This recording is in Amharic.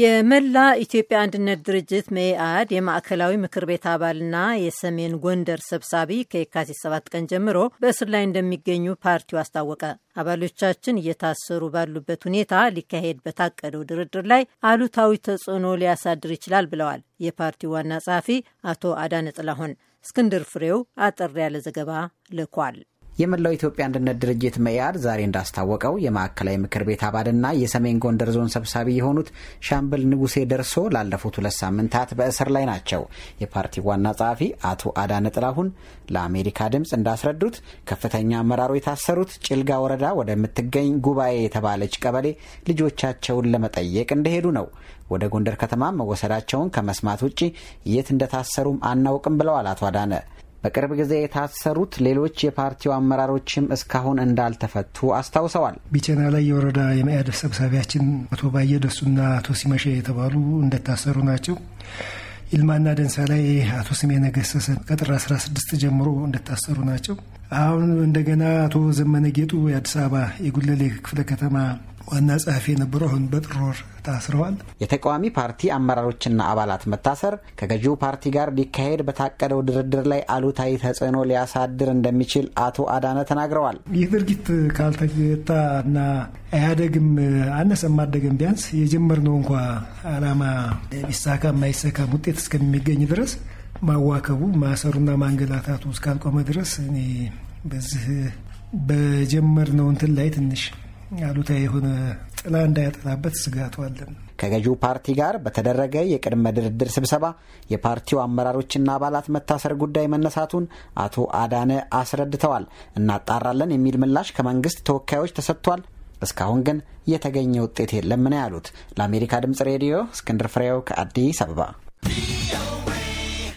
የመላ ኢትዮጵያ አንድነት ድርጅት መኢአድ የማዕከላዊ ምክር ቤት አባልና የሰሜን ጎንደር ሰብሳቢ ከየካቲት ሰባት ቀን ጀምሮ በእስር ላይ እንደሚገኙ ፓርቲው አስታወቀ። አባሎቻችን እየታሰሩ ባሉበት ሁኔታ ሊካሄድ በታቀደው ድርድር ላይ አሉታዊ ተጽዕኖ ሊያሳድር ይችላል ብለዋል የፓርቲው ዋና ጸሐፊ አቶ አዳነ ጥላሁን። እስክንድር ፍሬው አጠር ያለ ዘገባ ልኳል። የመላው ኢትዮጵያ አንድነት ድርጅት መኢአድ ዛሬ እንዳስታወቀው የማዕከላዊ ምክር ቤት አባልና የሰሜን ጎንደር ዞን ሰብሳቢ የሆኑት ሻምበል ንጉሴ ደርሶ ላለፉት ሁለት ሳምንታት በእስር ላይ ናቸው። የፓርቲ ዋና ጸሐፊ አቶ አዳነ ጥላሁን ለአሜሪካ ድምፅ እንዳስረዱት ከፍተኛ አመራሩ የታሰሩት ጭልጋ ወረዳ ወደምትገኝ ጉባኤ የተባለች ቀበሌ ልጆቻቸውን ለመጠየቅ እንደሄዱ ነው። ወደ ጎንደር ከተማ መወሰዳቸውን ከመስማት ውጭ የት እንደታሰሩም አናውቅም ብለዋል አቶ አዳነ በቅርብ ጊዜ የታሰሩት ሌሎች የፓርቲው አመራሮችም እስካሁን እንዳልተፈቱ አስታውሰዋል። ቢቸና ላይ የወረዳ የመኢአድ ሰብሳቢያችን አቶ ባየ ደሱና አቶ ሲመሸ የተባሉ እንደታሰሩ ናቸው። ይልማና ደንሳ ላይ አቶ ስሜ ገሰሰ ከጥር 16 ጀምሮ እንደታሰሩ ናቸው። አሁን እንደገና አቶ ዘመነ ጌጡ የአዲስ አበባ የጉለሌ ክፍለ ከተማ ዋና ጸሐፊ የነበሩ አሁን በጥር ወር ታስረዋል። የተቃዋሚ ፓርቲ አመራሮችና አባላት መታሰር ከገዢው ፓርቲ ጋር ሊካሄድ በታቀደው ድርድር ላይ አሉታዊ ተጽዕኖ ሊያሳድር እንደሚችል አቶ አዳነ ተናግረዋል። ይህ ድርጊት ካልተገታና አያደግም አነሰም አደገም ቢያንስ የጀመርነው እንኳ አላማ ቢሳካም የማይሳካም ውጤት እስከሚገኝ ድረስ ማዋከቡ ማሰሩና ማንገላታቱ እስካልቆመ ድረስ እኔ በዚህ በጀመርነው እንትን ላይ ትንሽ አሉታ የሆነ ጥላ እንዳያጠላበት ስጋቱ አለን። ከገዢው ፓርቲ ጋር በተደረገ የቅድመ ድርድር ስብሰባ የፓርቲው አመራሮችና አባላት መታሰር ጉዳይ መነሳቱን አቶ አዳነ አስረድተዋል። እናጣራለን የሚል ምላሽ ከመንግስት ተወካዮች ተሰጥቷል። እስካሁን ግን የተገኘ ውጤት የለም ነው ያሉት። ለአሜሪካ ድምጽ ሬዲዮ እስክንድር ፍሬው ከአዲስ አበባ